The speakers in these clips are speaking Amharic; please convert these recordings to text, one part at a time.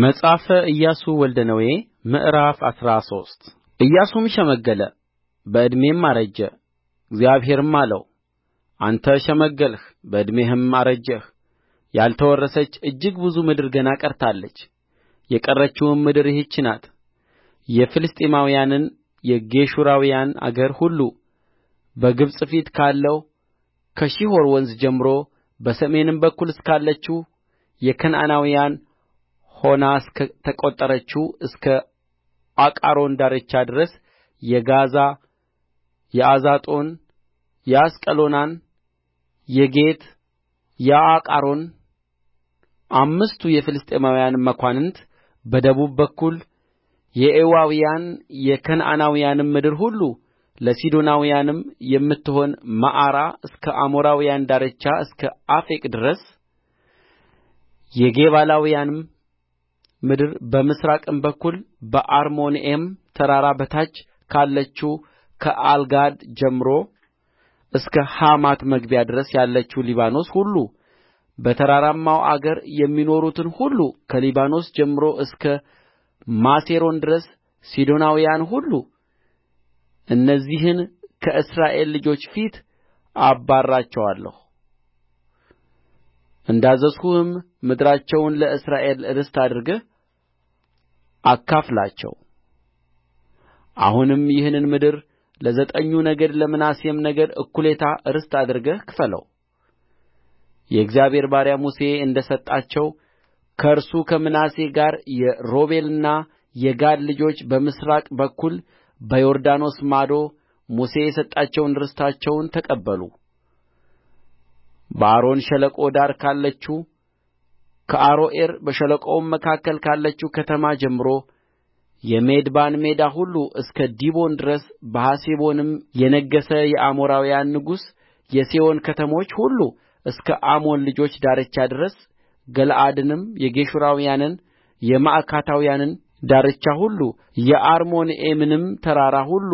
መጽሐፈ ኢያሱ ወልደ ነዌ ምዕራፍ አስራ ሶስት ኢያሱም ሸመገለ በዕድሜም አረጀ። እግዚአብሔርም አለው አንተ ሸመገልህ፣ በዕድሜህም አረጀህ። ያልተወረሰች እጅግ ብዙ ምድር ገና ቀርታለች። የቀረችውም ምድር ይህች ናት። የፍልስጥኤማውያንን የጌሹራውያን አገር ሁሉ በግብጽ ፊት ካለው ከሺሖር ወንዝ ጀምሮ በሰሜንም በኩል እስካለችው የከነዓናውያን ሆና እስከ ተቈጠረችው እስከ አቃሮን ዳርቻ ድረስ የጋዛ የአዛጦን የአስቀሎናን፣ የጌት የአቃሮን አምስቱ የፍልስጥኤማውያን መኳንንት በደቡብ በኩል የኤዋውያን የከነዓናውያንም ምድር ሁሉ ለሲዶናውያንም የምትሆን መዓራ እስከ አሞራውያን ዳርቻ እስከ አፌቅ ድረስ የጌባላውያንም ምድር በምሥራቅም በኩል በአርሞንዔም ተራራ በታች ካለችው ከአልጋድ ጀምሮ እስከ ሐማት መግቢያ ድረስ ያለችው ሊባኖስ ሁሉ በተራራማው አገር የሚኖሩትን ሁሉ ከሊባኖስ ጀምሮ እስከ ማሴሮን ድረስ ሲዶናውያን ሁሉ እነዚህን ከእስራኤል ልጆች ፊት አባርራቸዋለሁ እንዳዘዝሁህም ምድራቸውን ለእስራኤል ርስት አድርገህ አካፍላቸው አሁንም ይህን ምድር ለዘጠኙ ነገድ ለምናሴም ነገድ እኩሌታ ርስት አድርገህ ክፈለው የእግዚአብሔር ባሪያ ሙሴ እንደ ሰጣቸው ከእርሱ ከምናሴ ጋር የሮቤልና የጋድ ልጆች በምሥራቅ በኩል በዮርዳኖስ ማዶ ሙሴ የሰጣቸውን ርስታቸውን ተቀበሉ በአርኖን ሸለቆ ዳር ካለችው ከአሮዔር በሸለቆውም መካከል ካለችው ከተማ ጀምሮ የሜድባን ሜዳ ሁሉ እስከ ዲቦን ድረስ በሐሴቦንም የነገሠ የአሞራውያን ንጉሥ የሴዎን ከተሞች ሁሉ እስከ አሞን ልጆች ዳርቻ ድረስ ገለዓድንም የጌሹራውያንን የማዕካታውያንን ዳርቻ ሁሉ የአርሞንዔምንም ተራራ ሁሉ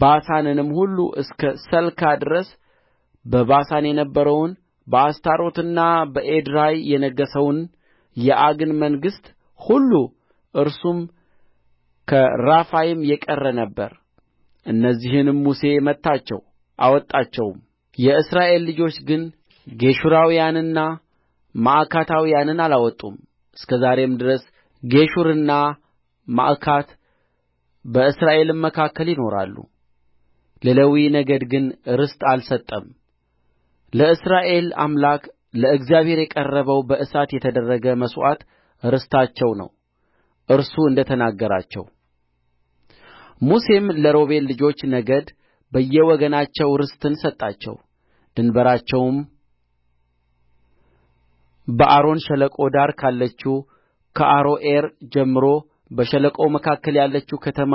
ባሳንንም ሁሉ እስከ ሰልካ ድረስ በባሳን የነበረውን በአስታሮትና በኤድራይ የነገሠውን የዐግን መንግሥት ሁሉ እርሱም ከራፋይም የቀረ ነበር። እነዚህንም ሙሴ መታቸው አወጣቸውም። የእስራኤል ልጆች ግን ጌሹራውያንንና ማዕካታውያንን አላወጡም። እስከ ዛሬም ድረስ ጌሹርና ማዕካት በእስራኤልም መካከል ይኖራሉ። ለሌዊ ነገድ ግን ርስት አልሰጠም። ለእስራኤል አምላክ ለእግዚአብሔር የቀረበው በእሳት የተደረገ መሥዋዕት ርስታቸው ነው እርሱ እንደ ተናገራቸው። ሙሴም ለሮቤል ልጆች ነገድ በየወገናቸው ርስትን ሰጣቸው። ድንበራቸውም በአርኖን ሸለቆ ዳር ካለችው ከአሮዔር ጀምሮ በሸለቆው መካከል ያለችው ከተማ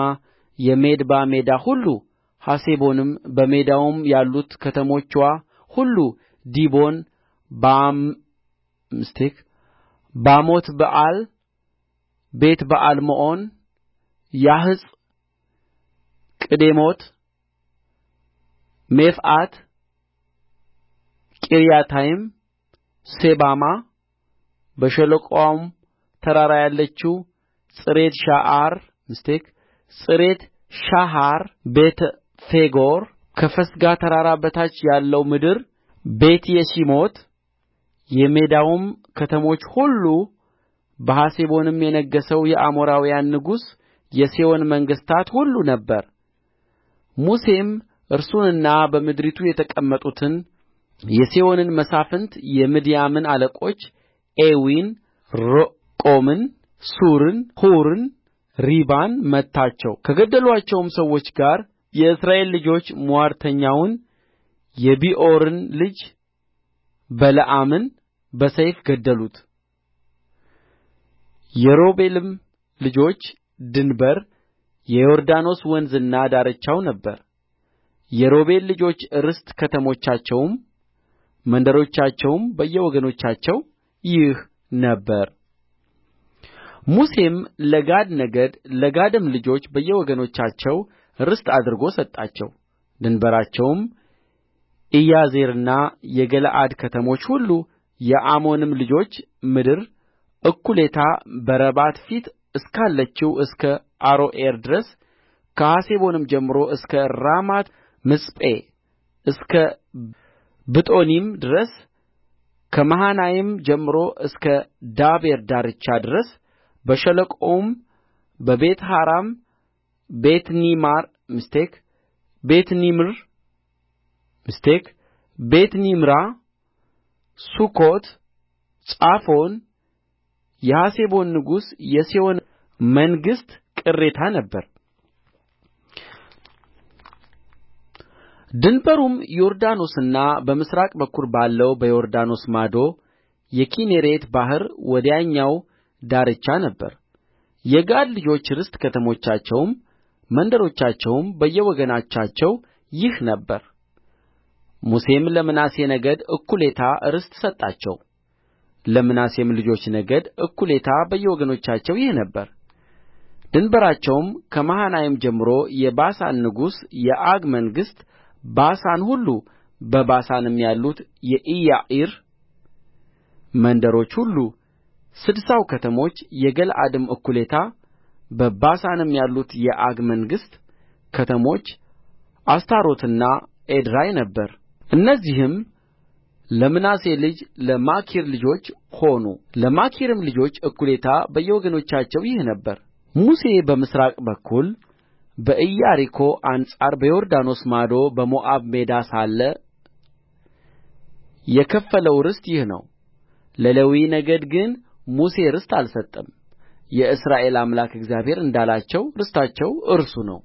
የሜድባ ሜዳ ሁሉ ሐሴቦንም በሜዳውም ያሉት ከተሞችዋ ሁሉ ዲቦን ባሞት በኣል ቤትበኣልምዖን ያሀጽ ቅዴሞት ሜፍዓት ቂርያታይም ሴባማ በሸለቆውም ተራራ ያለችው ሻሃር ቤተ ፌጎር ከፈስጋ ተራራ በታች ያለው ምድር ቤትየሺሞት የሜዳውም ከተሞች ሁሉ በሐሴቦንም የነገሠው የአሞራውያን ንጉሥ የሴዎን መንግሥታት ሁሉ ነበር። ሙሴም እርሱንና በምድሪቱ የተቀመጡትን የሴዎንን መሳፍንት የምድያምን አለቆች ኤዊን፣ ሮቆምን፣ ሱርን፣ ሑርን፣ ሪባን መታቸው። ከገደሉአቸውም ሰዎች ጋር የእስራኤል ልጆች ምዋርተኛውን የቢዖርን ልጅ በለዓምን በሰይፍ ገደሉት። የሮቤልም ልጆች ድንበር የዮርዳኖስ ወንዝና ዳርቻው ነበር። የሮቤል ልጆች ርስት ከተሞቻቸውም መንደሮቻቸውም በየወገኖቻቸው ይህ ነበር። ሙሴም ለጋድ ነገድ ለጋድም ልጆች በየወገኖቻቸው ርስት አድርጎ ሰጣቸው ድንበራቸውም ኢያዜርና የገለዓድ ከተሞች ሁሉ የአሞንም ልጆች ምድር እኩሌታ በረባት ፊት እስካለችው እስከ አሮዔር ድረስ ከሐሴቦንም ጀምሮ እስከ ራማት ምጽጴ እስከ ብጦኒም ድረስ ከመሃናይም ጀምሮ እስከ ዳቤር ዳርቻ ድረስ በሸለቆውም በቤትሃራም ቤትኒምራ ሱኮት ጻፎን የሐሴቦን ንጉሥ የሴዎን መንግሥት ቅሬታ ነበረ ድንበሩም ዮርዳኖስና በምሥራቅ በኩል ባለው በዮርዳኖስ ማዶ የኪኔሬት ባሕር ወዲያኛው ዳርቻ ነበረ የጋድ ልጆች ርስት ከተሞቻቸውም መንደሮቻቸውም በየወገኖቻቸው ይህ ነበረ ሙሴም ለምናሴ ነገድ እኩሌታ ርስት ሰጣቸው ለምናሴም ልጆች ነገድ እኩሌታ በየወገኖቻቸው ይህ ነበረ ድንበራቸውም ከመሃናይም ጀምሮ የባሳን ንጉሥ የዐግ መንግሥት ባሳን ሁሉ በባሳንም ያሉት የኢያዕር መንደሮች ሁሉ ስድሳው ከተሞች የገለዓድም እኩሌታ በባሳንም ያሉት የዐግ መንግሥት ከተሞች አስታሮትና ኤድራይ ነበር እነዚህም ለምናሴ ልጅ ለማኪር ልጆች ሆኑ ለማኪርም ልጆች እኩሌታ በየወገኖቻቸው ይህ ነበረ ሙሴ በምሥራቅ በኩል በኢያሪኮ አንጻር በዮርዳኖስ ማዶ በሞዓብ ሜዳ ሳለ የከፈለው ርስት ይህ ነው ለሌዊ ነገድ ግን ሙሴ ርስት አልሰጠም የእስራኤል አምላክ እግዚአብሔር እንዳላቸው ርስታቸው እርሱ ነው